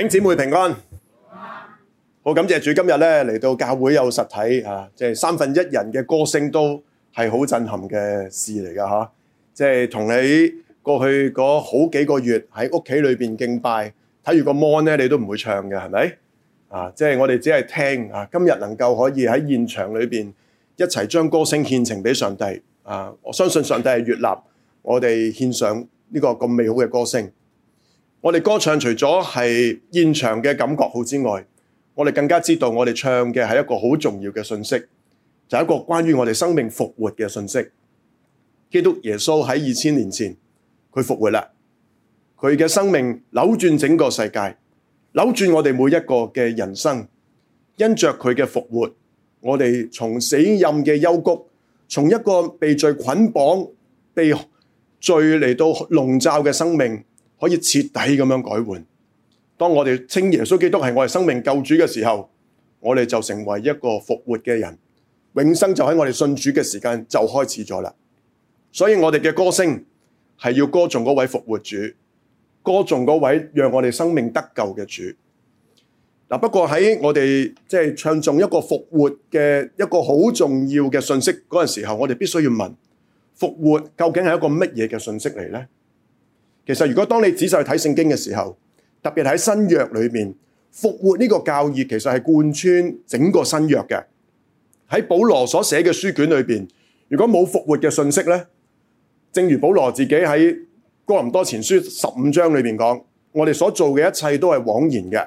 頂姐妹平安，好感謝主今日咧嚟到教會有實體啊！即係三分一人嘅歌聲都係好震撼嘅事嚟噶，吓即係同你過去嗰好幾個月喺屋企裏邊敬拜，睇住個 mon 咧你都唔會唱嘅，係咪？啊，即係我哋只係聽啊！今日能夠可以喺現場裏邊一齊將歌聲獻呈俾上帝啊！我相信上帝係悅納我哋獻上呢個咁美好嘅歌聲。我哋歌唱除咗係現場嘅感覺好之外，我哋更加知道我哋唱嘅係一個好重要嘅信息，就係一個關於我哋生命復活嘅信息。基督耶穌喺二千年前，佢復活啦，佢嘅生命扭轉整個世界，扭轉我哋每一個嘅人生。因着佢嘅復活，我哋從死蔭嘅幽谷，從一個被罪捆綁、被罪嚟到籠罩嘅生命。可以徹底咁樣改換。當我哋稱耶穌基督係我哋生命救主嘅時候，我哋就成為一個復活嘅人，永生就喺我哋信主嘅時間就開始咗啦。所以我哋嘅歌聲係要歌頌嗰位復活主，歌頌嗰位讓我哋生命得救嘅主。嗱、啊，不過喺我哋即係唱頌一個復活嘅一個好重要嘅信息嗰陣時候，我哋必須要問：「復活究竟係一個乜嘢嘅信息嚟呢？」其實如果當你仔細去睇聖經嘅時候，特別喺新約裏面，復活呢個教義，其實係貫穿整個新約嘅。喺保羅所寫嘅書卷裏邊，如果冇復活嘅信息呢，正如保羅自己喺哥林多前書十五章裏面講，我哋所做嘅一切都係枉然嘅。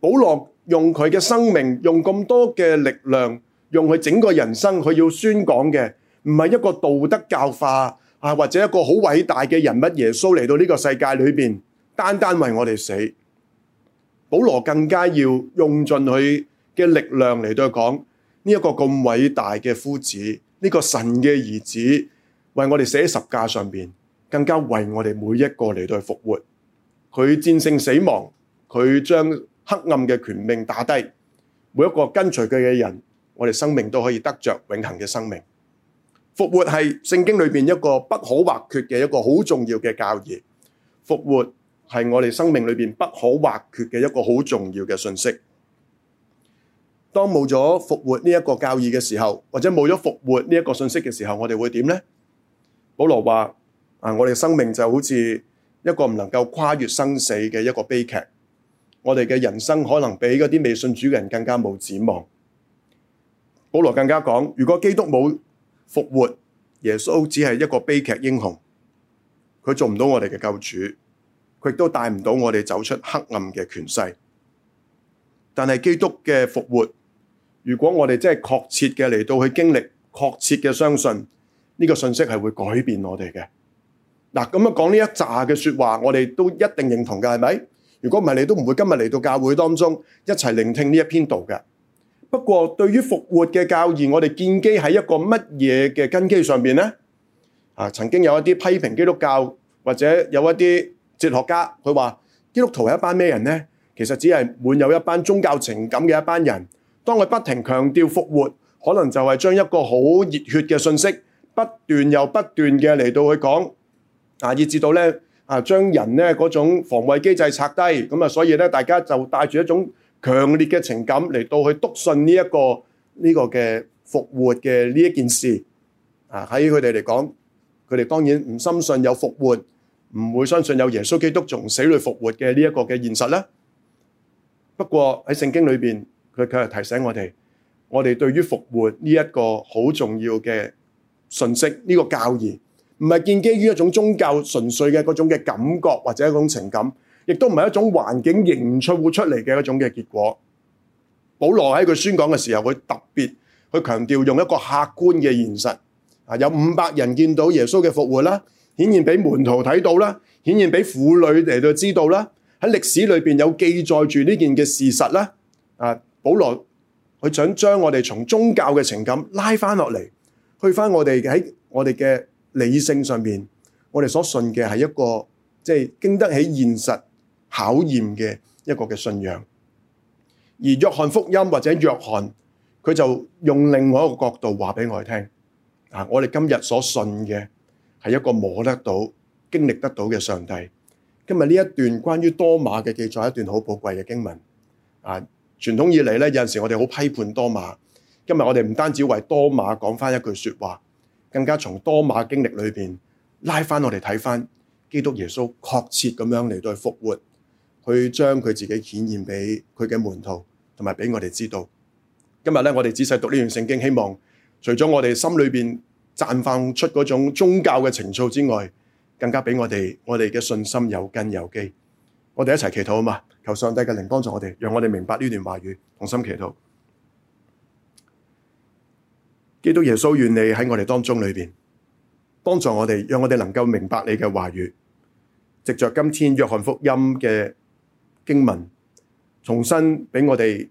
保羅用佢嘅生命，用咁多嘅力量，用佢整個人生，佢要宣講嘅，唔係一個道德教化。啊，或者一個好偉大嘅人物耶穌嚟到呢個世界裏邊，單單為我哋死。保羅更加要用盡佢嘅力量嚟到講呢一個咁偉大嘅夫子，呢、這個神嘅兒子為我哋死喺十架上邊，更加為我哋每一個嚟到復活。佢戰勝死亡，佢將黑暗嘅權命打低。每一個跟隨佢嘅人，我哋生命都可以得着永恆嘅生命。復活係聖經裏邊一個不可或缺嘅一個好重要嘅教義，復活係我哋生命裏邊不可或缺嘅一個好重要嘅信息。當冇咗復活呢一個教義嘅時候，或者冇咗復活呢一個信息嘅時候，我哋會點呢？保羅話：啊，我哋生命就好似一個唔能夠跨越生死嘅一個悲劇。我哋嘅人生可能比嗰啲未信主嘅人更加冇展望。保羅更加講：如果基督冇復活，耶穌只係一個悲劇英雄，佢做唔到我哋嘅救主，佢亦都帶唔到我哋走出黑暗嘅權勢。但係基督嘅復活，如果我哋真係確切嘅嚟到去經歷，確切嘅相信呢個信息係會改變我哋嘅。嗱、啊，咁樣講呢一紮嘅說話，我哋都一定認同嘅，係咪？如果唔係，你都唔會今日嚟到教會當中一齊聆聽呢一篇道嘅。不過，對於復活嘅教義，我哋建基喺一個乜嘢嘅根基上面呢？啊，曾經有一啲批評基督教或者有一啲哲學家，佢話基督徒係一班咩人呢？其實只係滿有一班宗教情感嘅一班人。當佢不停強調復活，可能就係將一個好熱血嘅信息不斷又不斷嘅嚟到去講，啊，以至到呢，啊，將人呢嗰種防衛機制拆低，咁啊，所以呢，大家就帶住一種。強烈嘅情感嚟到去篤信呢一個呢個嘅復活嘅呢一件事，啊喺佢哋嚟講，佢哋當然唔深信有復活，唔會相信有耶穌基督從死裏復活嘅呢一個嘅現實啦。不過喺聖經裏邊，佢佢又提醒我哋，我哋對於復活呢一個好重要嘅信息，呢個教義，唔係建基於一種宗教純粹嘅嗰種嘅感覺或者一種情感。亦都唔係一種環境營出活出嚟嘅一種嘅結果。保羅喺佢宣講嘅時候，佢特別去強調用一個客觀嘅現實。啊，有五百人見到耶穌嘅復活啦，顯現俾門徒睇到啦，顯現俾婦女嚟到知道啦，喺歷史裏邊有記載住呢件嘅事實啦。啊，保羅佢想將我哋從宗教嘅情感拉翻落嚟，去翻我哋喺我哋嘅理性上面，我哋所信嘅係一個即係經得起現實考驗嘅一個嘅信仰，而約翰福音或者約翰佢就用另外一個角度話俾我哋聽，啊，我哋今日所信嘅係一個摸得到、經歷得到嘅上帝。今日呢一段關於多馬嘅記載，一段好寶貴嘅經文。啊，傳統以嚟，呢，有陣時我哋好批判多馬，今日我哋唔單止為多馬講翻一句說話，更加從多馬經歷裏邊拉翻我哋睇翻基督耶穌確切咁樣嚟到去復活。去將佢自己顯現俾佢嘅門徒，同埋俾我哋知道。今日咧，我哋仔細讀呢段聖經，希望除咗我哋心裏邊綻放出嗰種宗教嘅情操之外，更加俾我哋我哋嘅信心有根有基。我哋一齊祈禱啊嘛，求上帝嘅靈幫助我哋，讓我哋明白呢段話語。同心祈禱，基督耶穌願你喺我哋當中裏邊幫助我哋，讓我哋能夠明白你嘅話語。藉着今天約翰福音嘅。經文重新俾我哋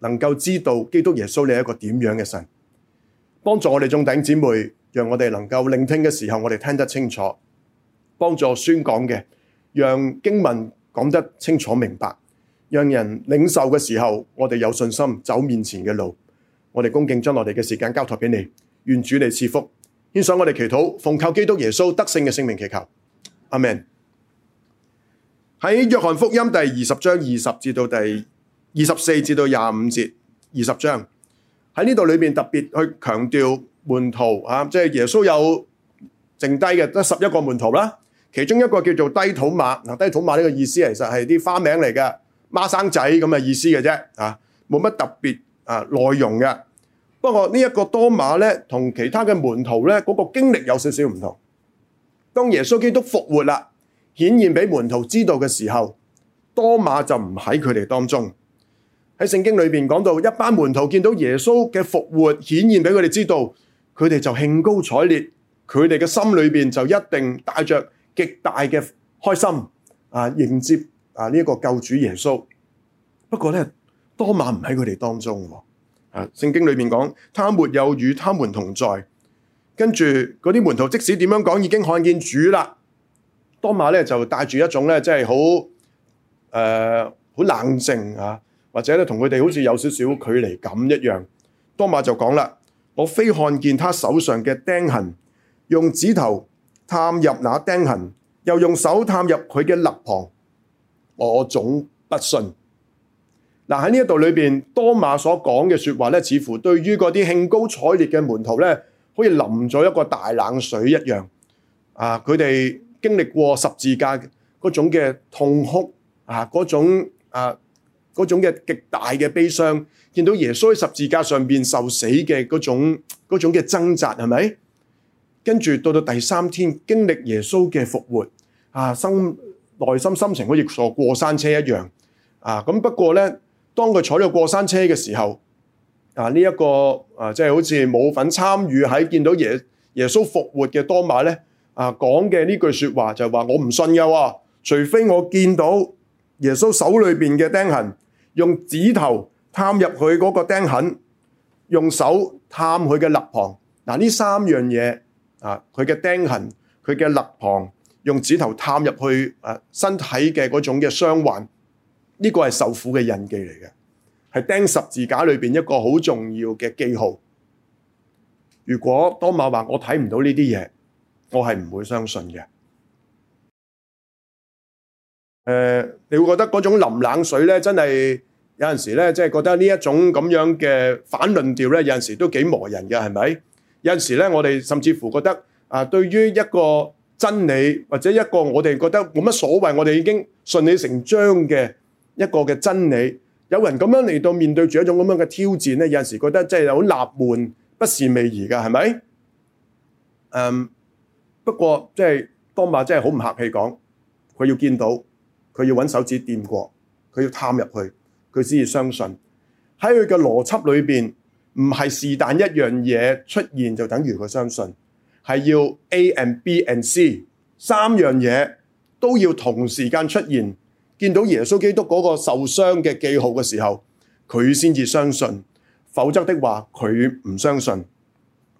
能夠知道基督耶穌你係一個點樣嘅神，幫助我哋眾弟兄姊妹，讓我哋能夠聆聽嘅時候我哋聽得清楚，幫助宣講嘅，讓經文講得清楚明白，讓人領受嘅時候我哋有信心走面前嘅路。我哋恭敬將我哋嘅時間交託俾你，願主你賜福。獻上我哋祈禱，奉靠基督耶穌得勝嘅聖名祈求，阿門。喺約翰福音第二十章二十至到第二十四至到廿五節，二十章喺呢度裏面特別去強調門徒啊，即係耶穌有剩低嘅得十一個門徒啦，其中一個叫做低土馬，低土馬呢個意思其實係啲花名嚟嘅孖生仔咁嘅意思嘅啫，啊，冇乜特別啊內容嘅。不過呢一個多馬咧，同其他嘅門徒咧嗰個經歷有少少唔同。當耶穌基督復活啦。顯現俾門徒知道嘅時候，多馬就唔喺佢哋當中。喺聖經裏面講到，一班門徒見到耶穌嘅復活，顯現俾佢哋知道，佢哋就興高采烈，佢哋嘅心裏邊就一定帶着極大嘅開心啊，迎接啊呢一個救主耶穌。不過呢，多馬唔喺佢哋當中。啊，聖經裏面講，他沒有與他們同在。跟住嗰啲門徒，即使點樣講，已經看見主啦。多馬咧就帶住一種咧，即係好誒好冷靜啊，或者咧同佢哋好似有少少距離噉一樣。多馬就講啦：「我非看見他手上嘅釘痕，用指頭探入那釘痕，又用手探入佢嘅肋旁，我總不信。嗱，喺呢一度裏邊，多馬所講嘅説話咧，似乎對於嗰啲興高采烈嘅門徒咧，好似淋咗一個大冷水一樣。啊，佢哋經歷過十字架嗰種嘅痛哭啊，嗰種啊嗰種嘅極大嘅悲傷，見到耶穌喺十字架上邊受死嘅嗰種嗰種嘅掙扎係咪？跟住到到第三天，經歷耶穌嘅復活啊，心內心心情好似坐過山車一樣啊！咁不過呢，當佢坐呢個過山車嘅時候啊，呢一個啊，即係好似冇份參與喺見到耶耶穌復活嘅多馬呢。啊，講嘅呢句説話就係話我唔信嘅喎，除非我見到耶穌手裏邊嘅釘痕，用指頭探入佢嗰個釘痕，用手探佢嘅肋旁。嗱、啊，呢三樣嘢啊，佢嘅釘痕、佢嘅肋旁，用指頭探入去啊身體嘅嗰種嘅傷患，呢、這個係受苦嘅印記嚟嘅，係釘十字架裏邊一個好重要嘅記號。如果多馬話我睇唔到呢啲嘢。我係唔會相信嘅。誒，你會覺得嗰種淋冷水咧，真係有陣時咧，即係覺得呢一種咁樣嘅反論調咧，有陣時都幾磨人嘅，係咪？有陣時咧，我哋甚至乎覺得啊，對於一個真理或者一個我哋覺得冇乜所謂，我哋已經順理成章嘅一個嘅真理，有人咁樣嚟到面對住一種咁樣嘅挑戰咧，有陣時覺得真係好納悶，不是味兒嘅，係咪？嗯。不過，即係多馬真係好唔客氣講，佢要見到，佢要揾手指掂過，佢要探入去，佢先至相信。喺佢嘅邏輯裏邊，唔係是但一樣嘢出現就等於佢相信，係要 A and B and C 三樣嘢都要同時間出現。見到耶穌基督嗰個受傷嘅記號嘅時候，佢先至相信。否則的話，佢唔相信。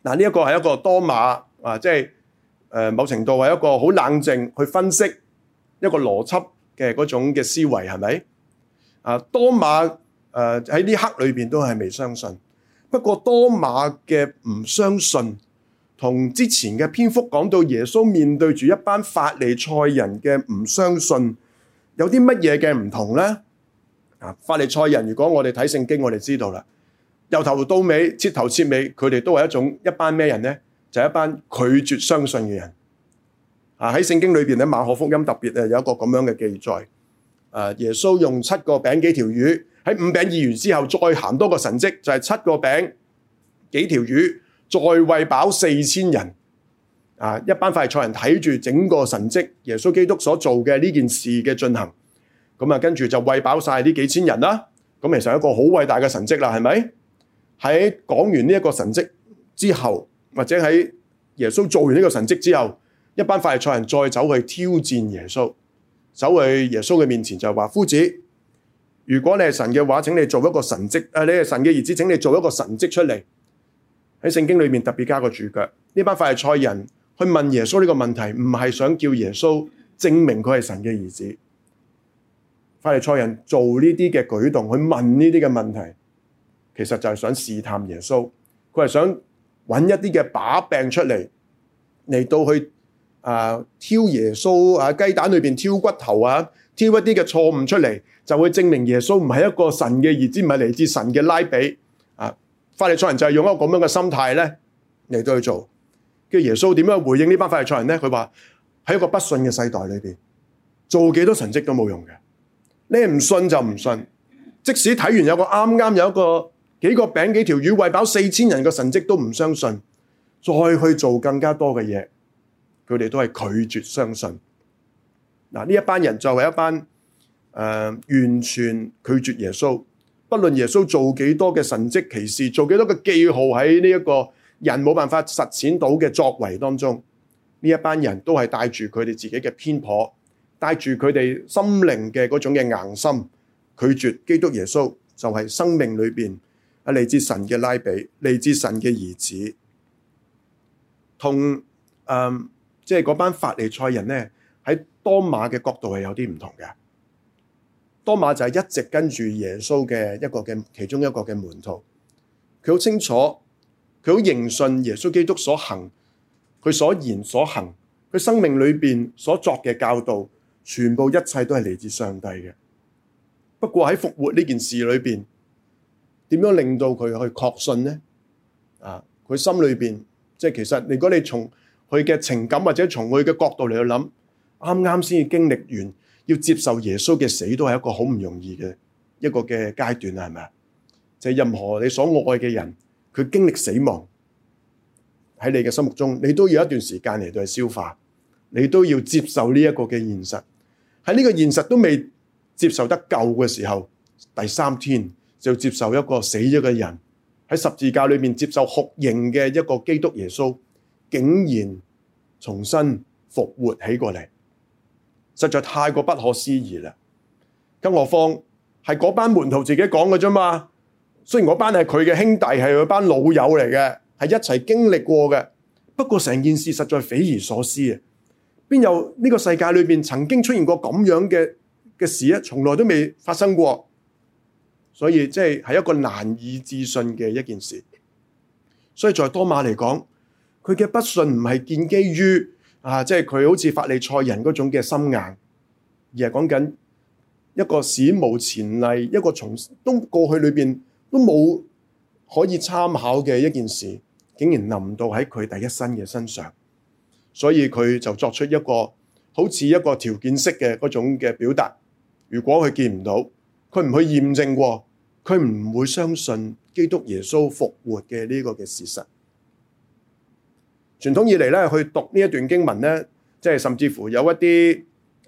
嗱，呢一個係一個多馬啊，即係。誒，某程度係一個好冷靜去分析一個邏輯嘅嗰種嘅思維係咪？啊，多馬誒喺呢刻裏邊都係未相信。不過多馬嘅唔相信，同之前嘅篇幅講到耶穌面對住一班法利賽人嘅唔相信，有啲乜嘢嘅唔同咧？啊，法利賽人如果我哋睇聖經，我哋知道啦，由頭到尾，切頭切尾，佢哋都係一種一班咩人咧？就一班拒絕相信嘅人啊！喺聖經裏邊喺馬可福音特別啊，有一個咁樣嘅記載。誒、啊，耶穌用七個餅幾條魚，喺五餅二魚之後，再行多個神蹟，就係、是、七個餅幾條魚再餵飽四千人。啊！一班法利賽人睇住整個神蹟，耶穌基督所做嘅呢件事嘅進行，咁、嗯、啊，跟住就餵飽晒呢幾千人啦。咁、嗯、其實一個好偉大嘅神蹟啦，係咪？喺講完呢一個神蹟之後。或者喺耶穌做完呢個神蹟之後，一班法利賽人再走去挑戰耶穌，走去耶穌嘅面前就話：夫子，如果你係神嘅話，請你做一個神蹟；啊，你係神嘅兒子，請你做一個神蹟出嚟。喺聖經裏面特別加個注腳，呢班法利賽人去問耶穌呢個問題，唔係想叫耶穌證明佢係神嘅兒子。法利賽人做呢啲嘅舉動去問呢啲嘅問題，其實就係想試探耶穌，佢係想。揾一啲嘅把柄出嚟，嚟到去啊、呃、挑耶穌啊雞蛋裏邊挑骨頭啊，挑一啲嘅錯誤出嚟，就會證明耶穌唔係一個神嘅兒子，唔係嚟自神嘅拉比啊！法利賽人就係用一個咁樣嘅心態咧嚟到去做，叫耶穌點樣回應呢班法利賽人咧？佢話喺一個不信嘅世代裏邊，做幾多神跡都冇用嘅。你唔信就唔信，即使睇完有個啱啱有一個，剛剛幾個餅幾條魚餵飽四千人嘅神跡都唔相信，再去做更加多嘅嘢，佢哋都係拒絕相信。嗱，呢一班人就係一班誒、呃，完全拒絕耶穌，不論耶穌做幾多嘅神跡奇事，做幾多嘅記號喺呢一個人冇辦法實踐到嘅作為當中，呢一班人都係帶住佢哋自己嘅偏頗，帶住佢哋心靈嘅嗰種嘅硬心，拒絕基督耶穌，就係、是、生命裏邊。啊！嚟自神嘅拉比，嚟自神嘅兒子，同嗯，即係嗰班法利賽人咧，喺多馬嘅角度係有啲唔同嘅。多馬就係一直跟住耶穌嘅一個嘅其中一個嘅門徒，佢好清楚，佢好認信耶穌基督所行，佢所言所行，佢生命裏邊所作嘅教導，全部一切都係嚟自上帝嘅。不過喺復活呢件事裏邊。點樣令到佢去確信呢？啊，佢心裏邊即係其實，如果你從佢嘅情感或者從佢嘅角度嚟去諗，啱啱先至經歷完，要接受耶穌嘅死，都係一個好唔容易嘅一個嘅階段啦，係咪？就任何你所愛嘅人，佢經歷死亡喺你嘅心目中，你都要一段時間嚟到去消化，你都要接受呢一個嘅現實。喺呢個現實都未接受得夠嘅時候，第三天。就接受一個死咗嘅人喺十字架裏面接受酷刑嘅一個基督耶穌，竟然重新復活起過嚟，實在太過不可思議啦！更何況係嗰班門徒自己講嘅啫嘛，雖然嗰班係佢嘅兄弟，係佢班老友嚟嘅，係一齊經歷過嘅，不過成件事實在匪夷所思啊！邊有呢個世界裏面曾經出現過咁樣嘅嘅事啊？從來都未發生過。所以即係、就是、一個難以置信嘅一件事，所以在多馬嚟講，佢嘅不信唔係建基於啊，即係佢好似法利賽人嗰種嘅心硬，而係講緊一個史無前例、一個從都過去裏邊都冇可以參考嘅一件事，竟然臨到喺佢第一身嘅身上，所以佢就作出一個好似一個條件式嘅嗰種嘅表達，如果佢見唔到，佢唔去驗證過，佢唔會相信基督耶穌復活嘅呢個嘅事實。傳統以嚟咧，去讀呢一段經文咧，即係甚至乎有一啲誒、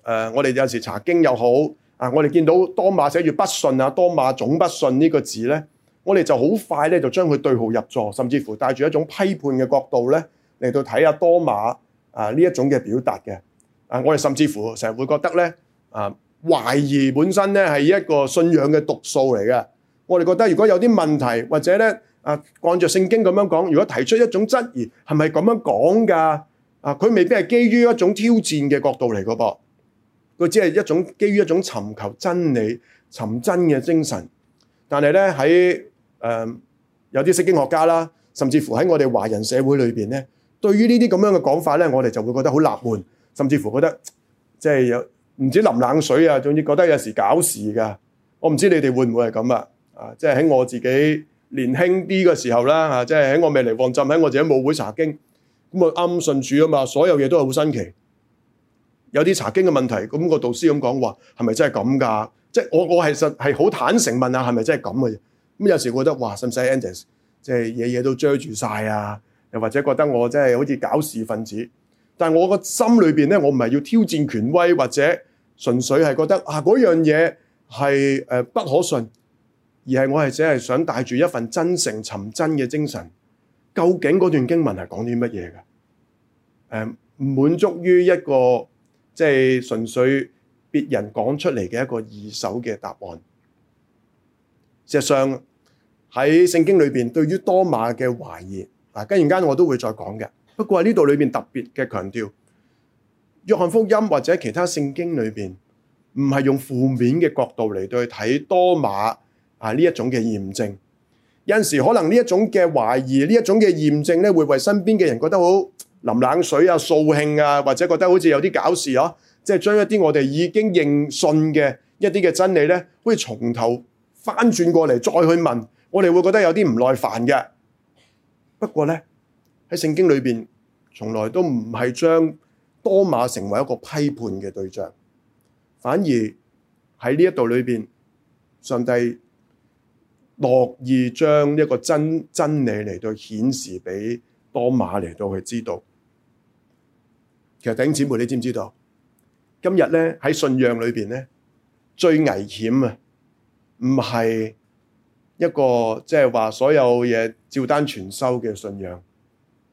呃，我哋有時查經又好啊，我哋見到多馬寫住不信啊，多馬總不信呢個字咧，我哋就好快咧就將佢對號入座，甚至乎帶住一種批判嘅角度咧嚟到睇下多馬啊呢一種嘅表達嘅啊，我哋甚至乎成日會覺得咧啊。懷疑本身咧係一個信仰嘅毒素嚟嘅。我哋覺得如果有啲問題或者咧啊，按照聖經咁樣講，如果提出一種質疑，係咪咁樣講噶？啊，佢未必係基於一種挑戰嘅角度嚟嘅噃。佢只係一種基於一種尋求真理、尋真嘅精神。但係咧喺誒有啲釋經學家啦，甚至乎喺我哋華人社會裏邊咧，對於呢啲咁樣嘅講法咧，我哋就會覺得好納悶，甚至乎覺得即係、就是、有。唔知淋冷水啊，總之覺得有時搞事㗎。我唔知你哋會唔會係咁啊？啊，即係喺我自己年輕啲嘅時候啦，啊，即係喺我未嚟黃浸，喺我自己舞會查經，咁啊啱順住啊嘛，所有嘢都係好新奇。有啲查經嘅問題，咁個導師咁講話，係咪真係咁㗎？即係我我係實係好坦誠問下，係咪真係咁嘅？咁有時覺得哇，使唔使 endless 即係嘢嘢都遮住晒啊！又或者覺得我真係好似搞事分子。但係我個心裏邊咧，我唔係要挑戰權威或者純粹係覺得啊嗰樣嘢係誒不可信，而係我係只係想帶住一份真誠尋真嘅精神，究竟嗰段經文係講啲乜嘢嘅？誒、呃，唔滿足於一個即係純粹別人講出嚟嘅一個二手嘅答案。事實上喺聖經裏邊，對於多馬嘅懷疑啊，跟住間我都會再講嘅。不過喺呢度裏面特別嘅強調，約翰福音或者其他聖經裏邊，唔係用負面嘅角度嚟對佢睇多馬啊呢一種嘅驗證。有陣時可能呢一種嘅懷疑，呢一種嘅驗證咧，會為身邊嘅人覺得好淋冷水啊、掃興啊，或者覺得好似有啲搞事嗬、啊，即係將一啲我哋已經認信嘅一啲嘅真理咧，可以從頭翻轉過嚟再去問，我哋會覺得有啲唔耐煩嘅。不過咧。喺聖經裏邊，從來都唔係將多馬成為一個批判嘅對象，反而喺呢一度裏邊，上帝樂意將一個真真理嚟到顯示俾多馬嚟到去知道。其實弟兄姊妹，你知唔知道？今日咧喺信仰裏邊咧，最危險啊，唔係一個即係話所有嘢照單全收嘅信仰。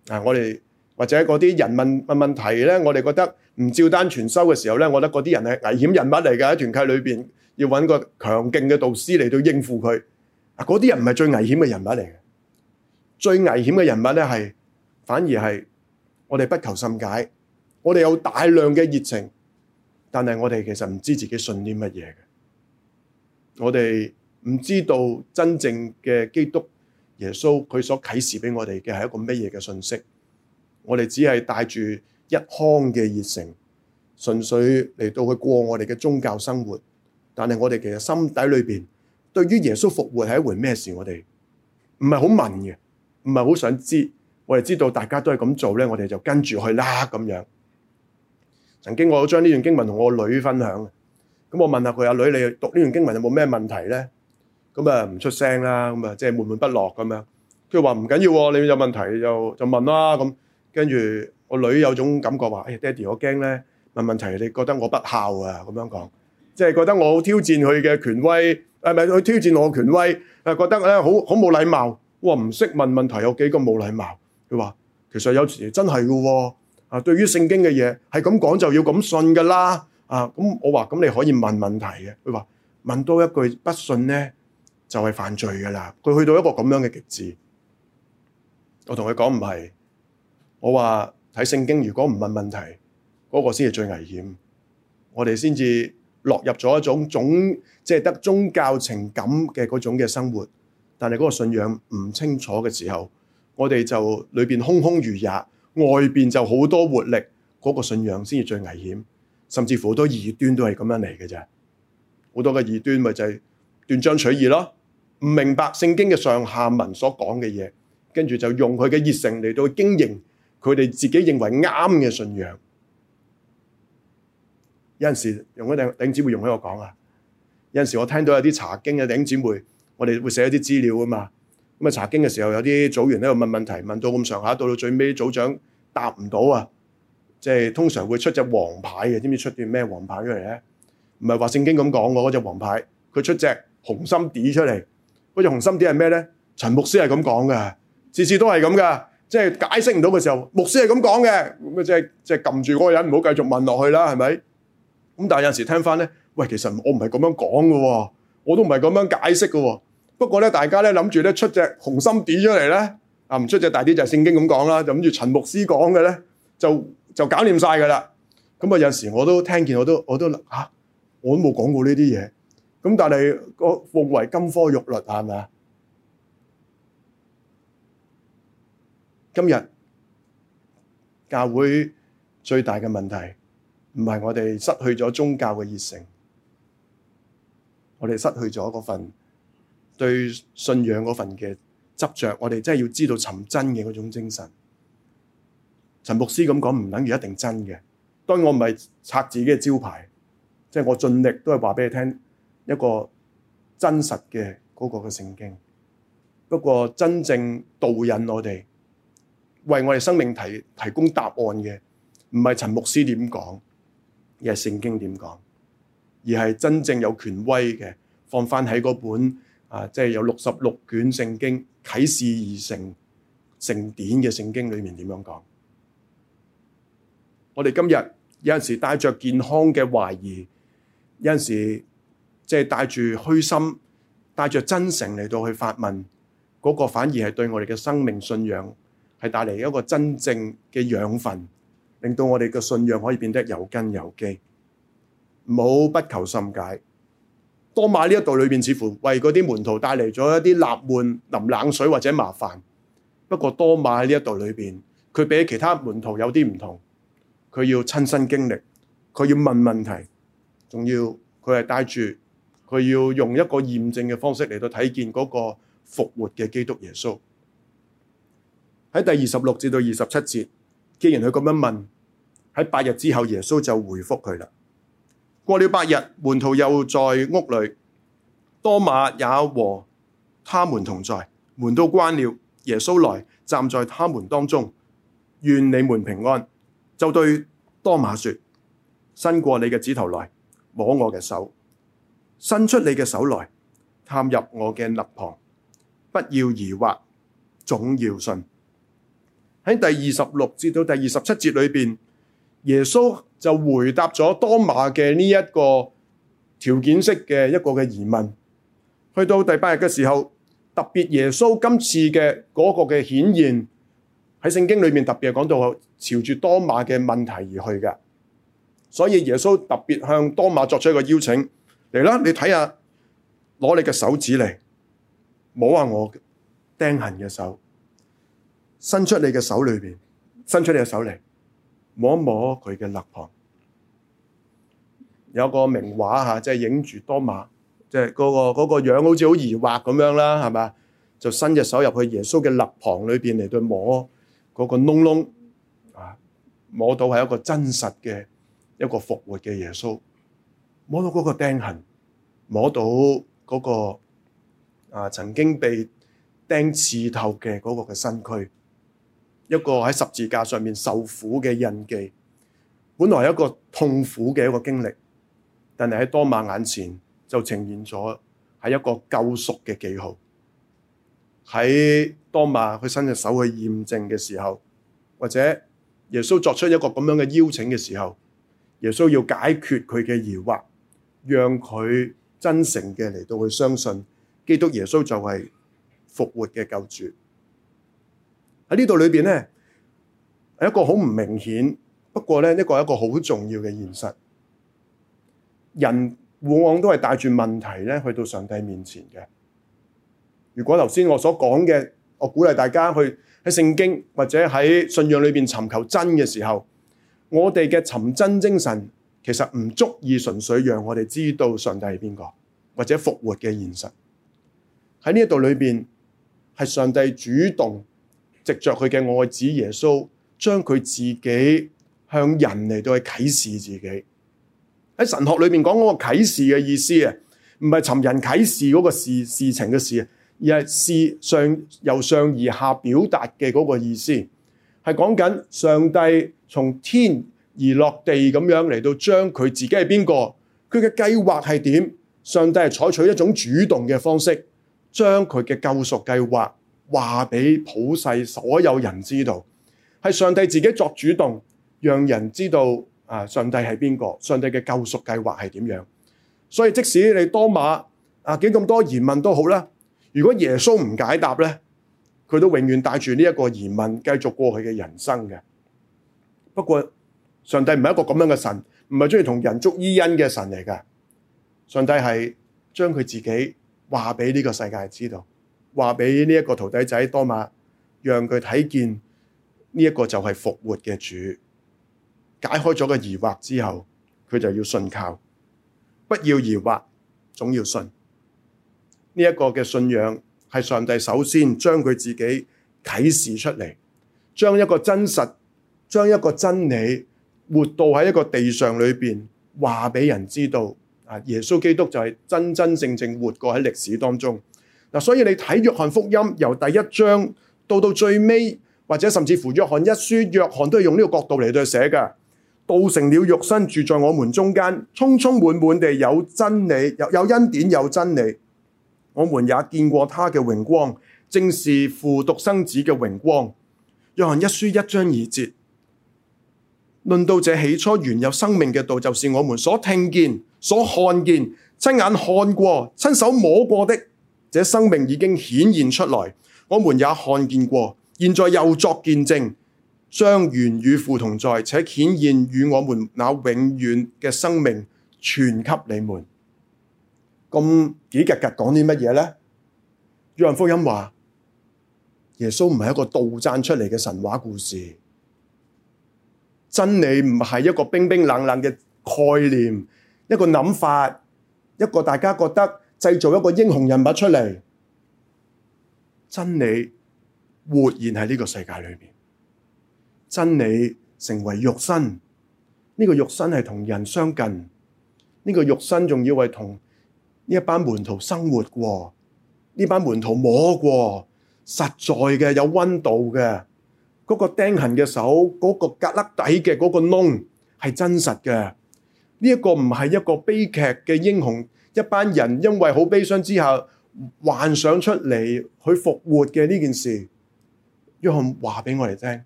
啊！我哋或者嗰啲人問問問題咧，我哋覺得唔照單全收嘅時候咧，我覺得嗰啲人係危險人物嚟嘅，喺團契裏邊要揾個強勁嘅導師嚟到應付佢啊。嗰啲人唔係最危險嘅人物嚟嘅，最危險嘅人物咧係反而係我哋不求甚解，我哋有大量嘅熱情，但係我哋其實唔知自己信啲乜嘢嘅，我哋唔知道真正嘅基督。耶穌佢所啟示俾我哋嘅係一個乜嘢嘅信息？我哋只係帶住一腔嘅熱誠，純粹嚟到去過我哋嘅宗教生活。但係我哋其實心底裏邊，對於耶穌復活係一回咩事？我哋唔係好問嘅，唔係好想知。我哋知道大家都係咁做咧，我哋就跟住去啦咁樣。曾經我有將呢段經文同我女分享，咁我問下佢：阿女，你讀呢段經文有冇咩問題咧？咁啊，唔出聲啦，咁啊，即係悶悶不樂咁樣。佢話唔緊要喎，你有問題就就問啦咁。跟住我女有種感覺話：唉，爹哋，我驚咧問問題，你覺得我不孝啊？咁樣講，即係覺得我好挑戰佢嘅權威，係咪佢挑戰我權威？啊，覺得咧好好冇禮貌。我話唔識問問題有幾咁冇禮貌？佢話其實有時真係㗎喎。啊，對於聖經嘅嘢係咁講就要咁信㗎啦。啊，咁我話咁你可以問問題嘅。佢話問多一句不信咧。就係犯罪噶啦！佢去到一個咁樣嘅極致，我同佢講唔係，我話睇聖經，如果唔問問題，嗰個先係最危險。我哋先至落入咗一種總即係得宗教情感嘅嗰種嘅生活，但係嗰個信仰唔清楚嘅時候，我哋就裏邊空空如也，外邊就好多活力。嗰個信仰先至最危險，甚至乎好多異端都係咁樣嚟嘅咋？好多嘅異端咪就係斷章取義咯。唔明白聖經嘅上下文所講嘅嘢，跟住就用佢嘅熱誠嚟到經營佢哋自己認為啱嘅信仰。有陣時用嗰啲弟兄姊妹用喺我講啊。有陣時我聽到有啲查經嘅弟兄姊妹，我哋會寫一啲資料啊嘛。咁啊查經嘅時候有啲組員喺度問問題，問到咁上下，到到最尾組長答唔到啊。即係通常會出隻黃牌嘅，知唔知出啲咩黃牌出嚟咧？唔係話聖經咁講嘅嗰隻黃牌，佢出隻紅心 D 出嚟。嗰隻紅心點係咩咧？陳牧師係咁講嘅，次次都係咁噶，即係解釋唔到嘅時候，牧師係咁講嘅，咁即係即係撳住嗰個人唔好繼續問落去啦，係咪？咁但係有時聽翻咧，喂，其實我唔係咁樣講嘅喎，我都唔係咁樣解釋嘅喎。不過咧，大家咧諗住咧出隻紅心點出嚟咧，啊唔出隻大啲就係聖經咁講啦，就諗住陳牧師講嘅咧，就就搞掂晒嘅啦。咁啊有時我都聽見，我都我都諗，我都冇講、啊、過呢啲嘢。咁但係個奉為金科玉律係咪啊？今日教會最大嘅問題唔係我哋失去咗宗教嘅熱誠，我哋失去咗嗰份對信仰嗰份嘅執着。我哋真係要知道尋真嘅嗰種精神。陳牧師咁講唔等於一定真嘅。當然我唔係拆自己嘅招牌，即係我盡力都係話俾你聽。一個真實嘅嗰個嘅聖經，不過真正導引我哋、為我哋生命提提供答案嘅，唔係陳牧師點講，而係聖經點講，而係真正有權威嘅，放翻喺嗰本啊，即係有六十六卷聖經啟示而成成典嘅聖經裏面點樣講？我哋今日有陣時帶着健康嘅懷疑，有陣時。即係帶住虛心，帶住真誠嚟到去發問，嗰、那個反而係對我哋嘅生命信仰係帶嚟一個真正嘅養分，令到我哋嘅信仰可以變得有根有基。唔好不求甚解，多馬呢一度裏邊似乎為嗰啲門徒帶嚟咗一啲納悶、淋冷水或者麻煩。不過多馬喺呢一度裏邊，佢比其他門徒有啲唔同，佢要親身經歷，佢要問問題，仲要佢係帶住。佢要用一個驗證嘅方式嚟到睇見嗰個復活嘅基督耶穌。喺第二十六至到二十七節，既然佢咁樣問，喺八日之後，耶穌就回覆佢啦。過了八日，門徒又在屋裏，多馬也和他們同在，門都關了。耶穌來站在他們當中，願你們平安。就對多馬説：伸過你嘅指頭來，摸我嘅手。伸出你嘅手來，探入我嘅肋旁，不要疑惑，總要信。喺第二十六至到第二十七節裏邊，耶穌就回答咗多馬嘅呢一個條件式嘅一個嘅疑問。去到第八日嘅時候，特別耶穌今次嘅嗰個嘅顯現喺聖經裏面特別係講到朝住多馬嘅問題而去嘅，所以耶穌特別向多馬作出一個邀請。嚟啦！你睇下，攞你嘅手指嚟摸下我釘痕嘅手，伸出你嘅手裏邊，伸出你嘅手嚟摸一摸佢嘅肋旁。有個名畫吓，即係影住多馬，即係嗰個嗰個樣，好似好疑惑咁樣啦，係嘛？就伸隻手入去耶穌嘅肋旁裏邊，嚟度摸嗰個窿窿啊，摸到係一個真實嘅一個復活嘅耶穌。摸到嗰個釘痕，摸到嗰個啊曾經被釘刺透嘅嗰個嘅身軀，一個喺十字架上面受苦嘅印記，本來一個痛苦嘅一個經歷，但係喺多馬眼前就呈現咗係一個救贖嘅記號。喺多馬去伸隻手去驗證嘅時候，或者耶穌作出一個咁樣嘅邀請嘅時候，耶穌要解決佢嘅疑惑。讓佢真誠嘅嚟到去相信基督耶穌就係復活嘅救主。喺呢度裏邊咧係一個好唔明顯，不過咧呢個係一個好重要嘅現實。人往往都係帶住問題咧去到上帝面前嘅。如果頭先我所講嘅，我鼓勵大家去喺聖經或者喺信仰裏邊尋求真嘅時候，我哋嘅尋真精神。其實唔足以純粹讓我哋知道上帝係邊個，或者復活嘅現實喺呢一度裏邊，係上帝主動藉著佢嘅愛子耶穌，將佢自己向人嚟到去啟示自己。喺神學裏面講嗰個啟示嘅意思啊，唔係尋人啟示嗰個事事情嘅事，而係事上由上而下表達嘅嗰個意思，係講緊上帝從天。而落地咁樣嚟到，將佢自己係邊個，佢嘅計劃係點？上帝係採取一種主動嘅方式，將佢嘅救贖計劃話俾普世所有人知道，係上帝自己作主動，讓人知道啊！上帝係邊個？上帝嘅救贖計劃係點樣？所以即使你多馬啊，幾咁多疑問都好啦，如果耶穌唔解答咧，佢都永遠帶住呢一個疑問，繼續過去嘅人生嘅。不過，上帝唔係一個咁樣嘅神，唔係中意同人捉依因嘅神嚟㗎。上帝係將佢自己話俾呢個世界知道，話俾呢一個徒弟仔多馬，讓佢睇見呢一個就係復活嘅主。解開咗個疑惑之後，佢就要信靠，不要疑惑，總要信。呢一個嘅信仰係上帝首先將佢自己啟示出嚟，將一個真實，將一個真理。活到喺一個地上裏邊，話俾人知道啊！耶穌基督就係真真正正活過喺歷史當中。嗱，所以你睇約翰福音由第一章到到最尾，或者甚至乎約翰一書，約翰都係用呢個角度嚟到寫㗎。道成了肉身，住在我們中間，充充滿滿地有真理，有，有恩典，有真理。我們也見過他嘅榮光，正是父獨生子嘅榮光。約翰一書一章二節。論到這起初原有生命嘅道，就是我們所聽見、所看見、親眼看過、親手摸過的，這生命已經顯現出來。我們也看見過，現在又作見證，將原與父同在且顯現與我們那永遠嘅生命傳給你們。咁幾夾夾講啲乜嘢呢？約翰福音話耶穌唔係一個杜撰出嚟嘅神話故事。真理唔係一個冰冰冷冷嘅概念，一個諗法，一個大家覺得製造一個英雄人物出嚟。真理活現喺呢個世界裏面，真理成為肉身，呢個肉身係同人相近，呢個肉身仲要為同呢一班門徒生活過，呢班門徒摸過，實在嘅有溫度嘅。嗰個釘痕嘅手，嗰、那個格甩底嘅嗰個窿係真實嘅。呢、這、一個唔係一個悲劇嘅英雄，一班人因為好悲傷之下幻想出嚟去復活嘅呢件事。約翰話俾我哋聽，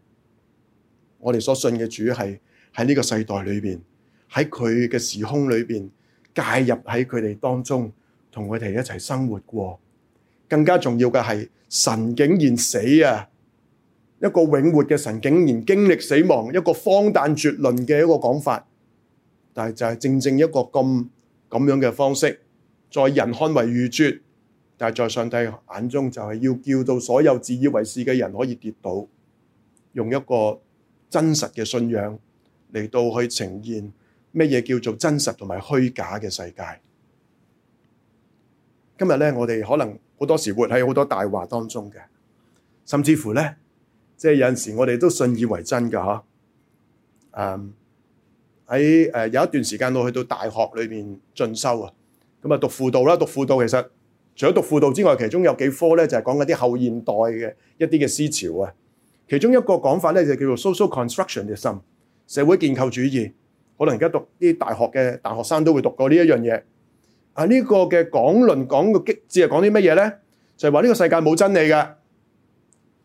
我哋所信嘅主係喺呢個世代裏邊，喺佢嘅時空裏邊介入喺佢哋當中，同佢哋一齊生活過。更加重要嘅係神竟然死啊！一個永活嘅神竟然經歷死亡，一個荒誕絕倫嘅一個講法，但係就係正正一個咁咁樣嘅方式，在人看為愚拙，但係在上帝眼中就係要叫到所有自以為是嘅人可以跌倒，用一個真實嘅信仰嚟到去呈現乜嘢叫做真實同埋虛假嘅世界。今日呢，我哋可能好多時活喺好多大話當中嘅，甚至乎呢。即係有陣時，我哋都信以為真㗎嚇。誒喺誒有一段時間，我去到大學裏面進修啊，咁啊讀輔導啦，讀輔導其實除咗讀輔導之外，其中有幾科咧就係講緊啲後現代嘅一啲嘅思潮啊。其中一個講法咧就叫做 social constructionism，社會建構主義，可能而家讀啲大學嘅大學生都會讀過呢一樣嘢。啊，這個、呢個嘅講論講嘅極致係講啲乜嘢咧？就係話呢個世界冇真理㗎。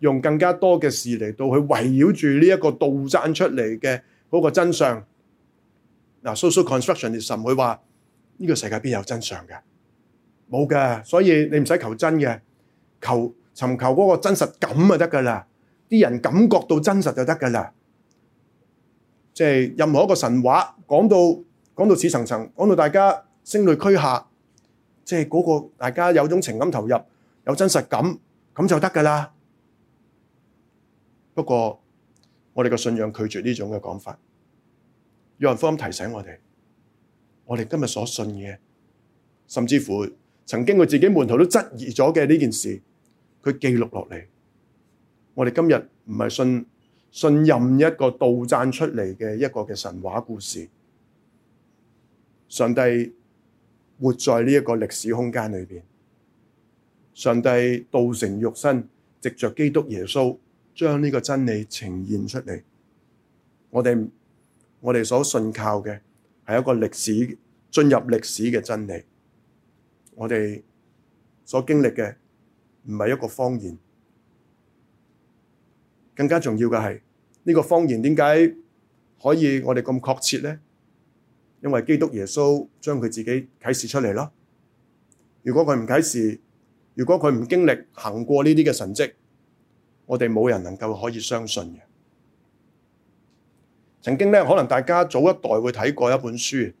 用更加多嘅事嚟到去圍繞住呢一個導贊出嚟嘅嗰個真相。嗱，social constructionism 佢話呢個世界邊有真相嘅，冇㗎，所以你唔使求真嘅，求尋求嗰個真實感啊，得噶啦。啲人感覺到真實就得噶啦。即係任何一個神話講到講到此層層，講到大家聲淚俱下，即係嗰個大家有種情感投入，有真實感咁就得噶啦。不過我哋嘅信仰拒絕呢種嘅講法，約翰福音提醒我哋，我哋今日所信嘅，甚至乎曾經佢自己門徒都質疑咗嘅呢件事，佢記錄落嚟。我哋今日唔係信信任一個杜撰出嚟嘅一個嘅神話故事，上帝活在呢一個歷史空間裏邊，上帝道成肉身，藉着基督耶穌。將呢個真理呈現出嚟，我哋我哋所信靠嘅係一個歷史進入歷史嘅真理，我哋所經歷嘅唔係一個謊言，更加重要嘅係呢個謊言點解可以我哋咁確切咧？因為基督耶穌將佢自己啟示出嚟咯。如果佢唔啟示，如果佢唔經歷行過呢啲嘅神蹟。我哋冇人能夠可以相信嘅。曾經咧，可能大家早一代會睇過一本書，一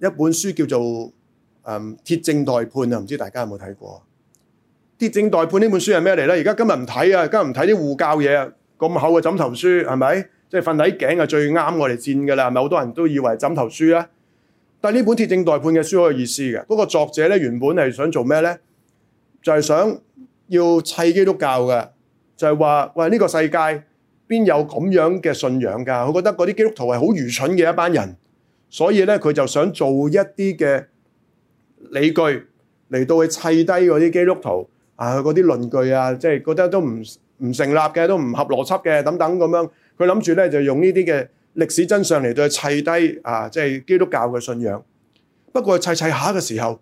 本書叫做《誒鐵證待判》啊，唔知大家有冇睇過？《鐵證待判》呢本書係咩嚟咧？而家今日唔睇啊，今日唔睇啲護教嘢啊，咁厚嘅枕頭書係咪？即係瞓喺頸啊，最啱我哋戰㗎啦，係咪？好多人都以為枕頭書啊，但係呢本《鐵證待判》嘅書好有意思嘅。嗰個作者咧原本係想做咩咧？就係想要砌基督教嘅。就係話喂，呢個世界邊有咁樣嘅信仰㗎？佢覺得嗰啲基督徒係好愚蠢嘅一班人，所以咧佢就想做一啲嘅理據嚟到去砌低嗰啲基督徒啊，嗰啲論據啊，即係覺得都唔唔成立嘅，都唔合邏輯嘅等等咁樣。佢諗住咧就用呢啲嘅歷史真相嚟到去砌低啊，即係基督教嘅信仰。不過砌砌下嘅時候，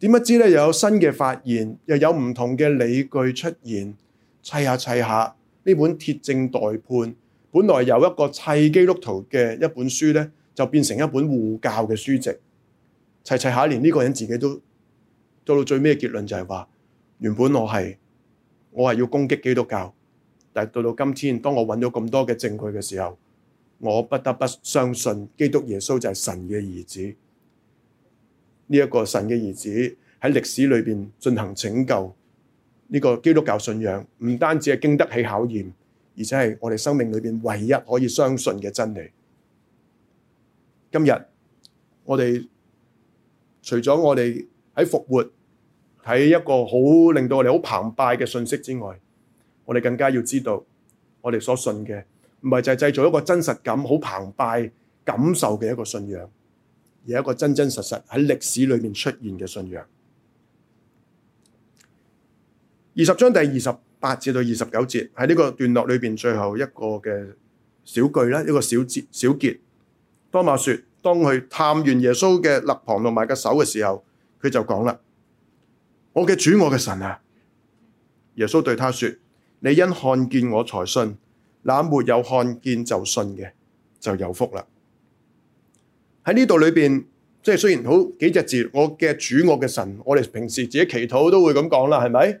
點不知咧又有新嘅發現，又有唔同嘅理據出現。砌下砌下，呢本鐵證待判，本來由一個砌基督徒嘅一本書咧，就變成一本護教嘅書籍。砌砌下，連呢個人自己都到到最屘嘅結論就係話，原本我係我係要攻擊基督教，但係到到今天，當我揾到咁多嘅證據嘅時候，我不得不相信基督耶穌就係神嘅兒子。呢一個神嘅兒子喺歷史裏邊進行拯救。呢個基督教信仰唔單止係經得起考驗，而且係我哋生命裏邊唯一可以相信嘅真理。今日我哋除咗我哋喺復活喺一個好令到我哋好澎湃嘅信息之外，我哋更加要知道我哋所信嘅唔係就係製造一個真實感好澎湃感受嘅一個信仰，而係一個真真實實喺歷史裏面出現嘅信仰。二十章第二十八節到二十九節，喺呢個段落裏邊最後一個嘅小句啦，一個小節小結。多馬說，當佢探完耶穌嘅肋旁同埋個手嘅時候，佢就講啦：我嘅主，我嘅神啊！耶穌對他說：你因看見我才信，那沒有看見就信嘅就有福啦。喺呢度裏邊，即係雖然好幾隻字，我嘅主，我嘅神，我哋平時自己祈禱都會咁講啦，係咪？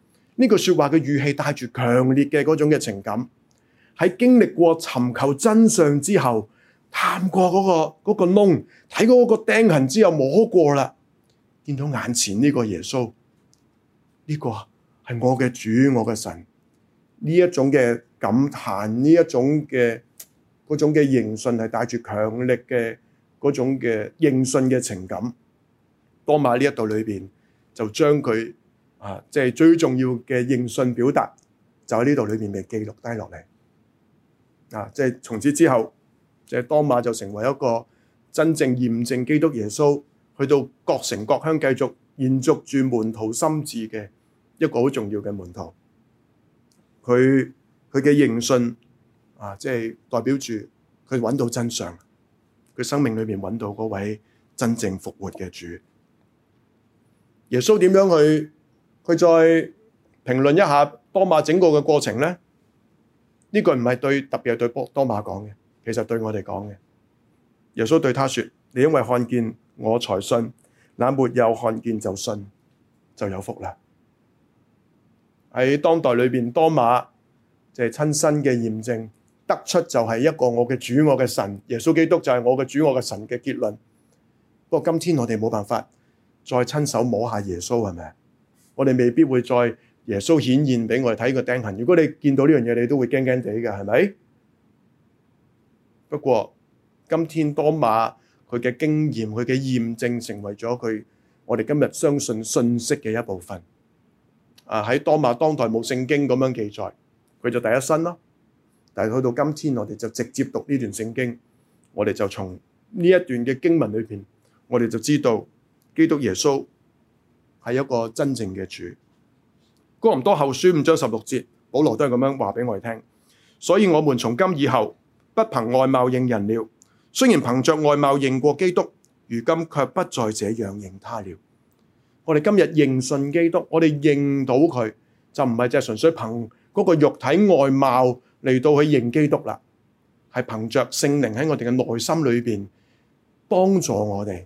呢個說話嘅語氣帶住強烈嘅嗰種嘅情感，喺經歷過尋求真相之後，探過嗰、嗰個、嗰個窿，睇過嗰個釘痕之後摸過啦，見到眼前呢個耶穌，呢、呢個係我嘅主，我嘅神，呢一種嘅感嘆，呢一種嘅嗰種嘅認信，係帶住強烈嘅嗰種嘅認信嘅情感。多馬呢一度裏邊就將佢。啊！即係最重要嘅認信表達，就喺呢度裏面被記錄低落嚟。啊！即係從此之後，即係多馬就成為一個真正驗證基督耶穌，去到各城各鄉繼續，繼續延續住門徒心智嘅一個好重要嘅門徒。佢佢嘅認信啊，即係代表住佢揾到真相，佢生命裏面揾到嗰位真正復活嘅主。耶穌點樣去？佢再評論一下多馬整個嘅過程咧，呢個唔係對，特別係對多多馬講嘅，其實對我哋講嘅。耶穌對他說：你因為看見我才信，那沒有看見就信就有福啦。喺當代裏邊，多馬就係親身嘅驗證，得出就係一個我嘅主，我嘅神耶穌基督就係我嘅主，我嘅神嘅結論。不過今天我哋冇辦法再親手摸下耶穌，係咪？我哋未必會再耶穌顯現俾我哋睇個釘痕。如果你見到呢樣嘢，你都會驚驚地嘅，係咪？不過今天多馬佢嘅經驗，佢嘅驗證，成為咗佢我哋今日相信信息嘅一部分。啊，喺多馬當代冇聖經咁樣記載，佢就第一身咯。但係去到今天，我哋就直接讀呢段聖經，我哋就從呢一段嘅經文裏邊，我哋就知道基督耶穌。係一個真正嘅主，《哥林多後書》五章十六節，保羅都係咁樣話俾我哋聽。所以我們從今以後，不憑外貌認人了。雖然憑着外貌認過基督，如今卻不再這樣認他了。我哋今日認信基督，我哋認到佢就唔係淨係純粹憑嗰個肉體外貌嚟到去認基督啦。係憑着聖靈喺我哋嘅內心裏邊幫助我哋。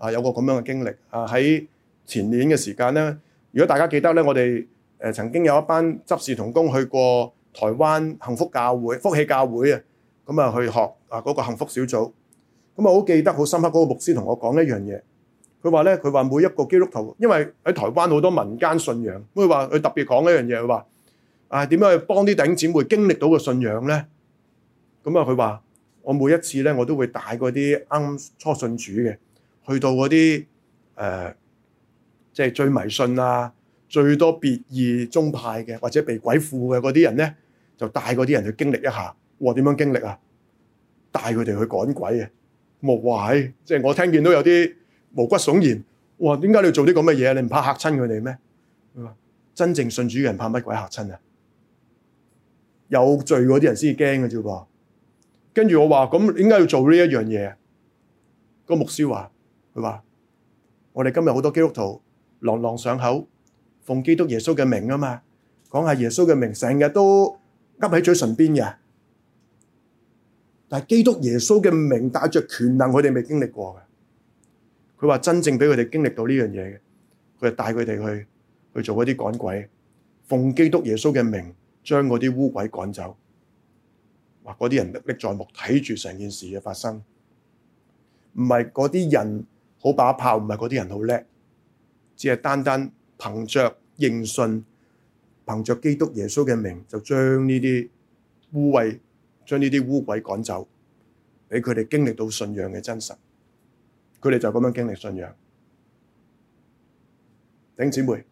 啊，有個咁樣嘅經歷啊。喺前年嘅時間咧，如果大家記得咧，我哋誒曾經有一班執事同工去過台灣幸福教會、福氣教會啊，咁啊去學啊嗰個幸福小組咁啊。好記得好深刻嗰個牧師同我講一樣嘢，佢話咧，佢話每一個基督徒，因為喺台灣好多民間信仰，佢話佢特別講一樣嘢，佢話啊點樣去幫啲頂姊妹經歷到個信仰咧？咁啊，佢話我每一次咧，我都會帶嗰啲啱初信主嘅。去到嗰啲誒，即係最迷信啊、最多別異宗派嘅，或者被鬼附嘅嗰啲人咧，就帶嗰啲人去經歷一下。哇，點樣經歷啊？帶佢哋去趕鬼啊！」無壞。即係我聽見都有啲毛骨悚然。哇，點解你要做啲咁嘅嘢？你唔怕嚇親佢哋咩？真正信主嘅人怕乜鬼嚇親啊？有罪嗰啲人先至驚㗎啫噃。跟住我話：咁點解要做呢一樣嘢？個牧師話。佢話：我哋今日好多基督徒朗朗上口，奉基督耶穌嘅名啊嘛，講下耶穌嘅名，成日都噏喺嘴唇邊嘅。但係基督耶穌嘅名帶着權能，佢哋未經歷過嘅。佢話真正俾佢哋經歷到呢樣嘢嘅，佢就帶佢哋去去做嗰啲趕鬼，奉基督耶穌嘅名將嗰啲污鬼趕走。話嗰啲人歷歷在目，睇住成件事嘅發生，唔係嗰啲人好把炮，唔係嗰啲人好叻，只係單單憑着認信，憑着基督耶穌嘅名，就將呢啲污穢、將呢啲污鬼趕走，俾佢哋經歷到信仰嘅真實。佢哋就咁樣經歷信仰。頂姊妹，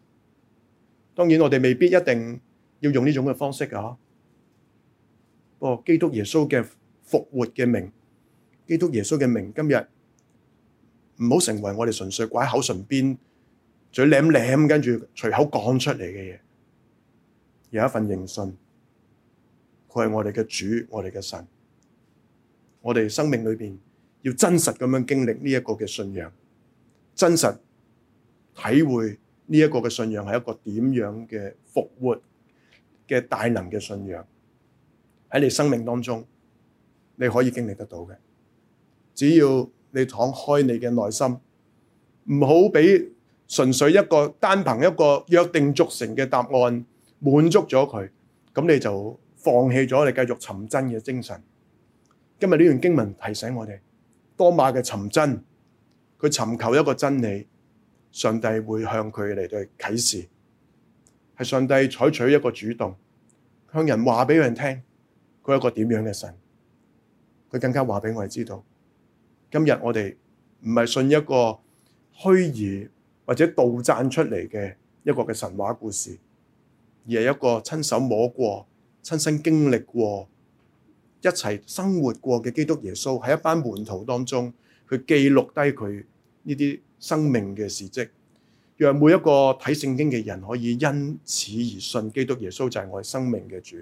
當然我哋未必一定要用呢種嘅方式噶，嗬。不過基督耶穌嘅復活嘅名，基督耶穌嘅名，今日。唔好成為我哋純粹掛喺口唇邊，嘴舐舐，跟住隨口講出嚟嘅嘢。有一份認信，佢係我哋嘅主，我哋嘅神。我哋生命裏邊要真實咁樣經歷呢一個嘅信仰，真實體會呢一個嘅信仰係一個點樣嘅復活嘅大能嘅信仰，喺你生命當中你可以經歷得到嘅，只要。你敞開你嘅內心，唔好俾純粹一個單憑一個約定俗成嘅答案滿足咗佢，咁你就放棄咗你繼續尋真嘅精神。今日呢段經文提醒我哋，多馬嘅尋真，佢尋求一個真理，上帝會向佢嚟對啟示，係上帝採取一個主動，向人話俾佢哋聽，佢係一個點樣嘅神，佢更加話俾我哋知道。今日我哋唔係信一個虛擬或者杜撰出嚟嘅一個嘅神話故事，而係一個親手摸過、親身經歷過、一齊生活過嘅基督耶穌喺一班門徒當中，佢記錄低佢呢啲生命嘅事跡，讓每一個睇聖經嘅人可以因此而信基督耶穌就係我哋生命嘅主。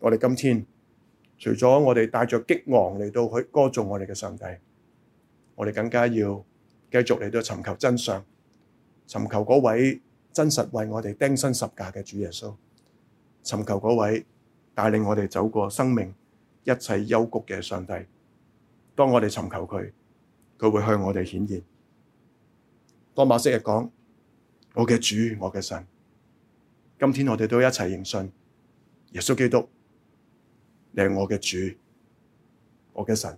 我哋今天。除咗我哋帶着激昂嚟到去歌頌我哋嘅上帝，我哋更加要繼續嚟到尋求真相，尋求嗰位真實為我哋釘身十架嘅主耶穌，尋求嗰位帶領我哋走過生命一切幽谷嘅上帝。當我哋尋求佢，佢會向我哋顯現。多馬昔日講：我嘅主，我嘅神，今天我哋都一齊認信耶穌基督。你係我嘅主，我嘅神。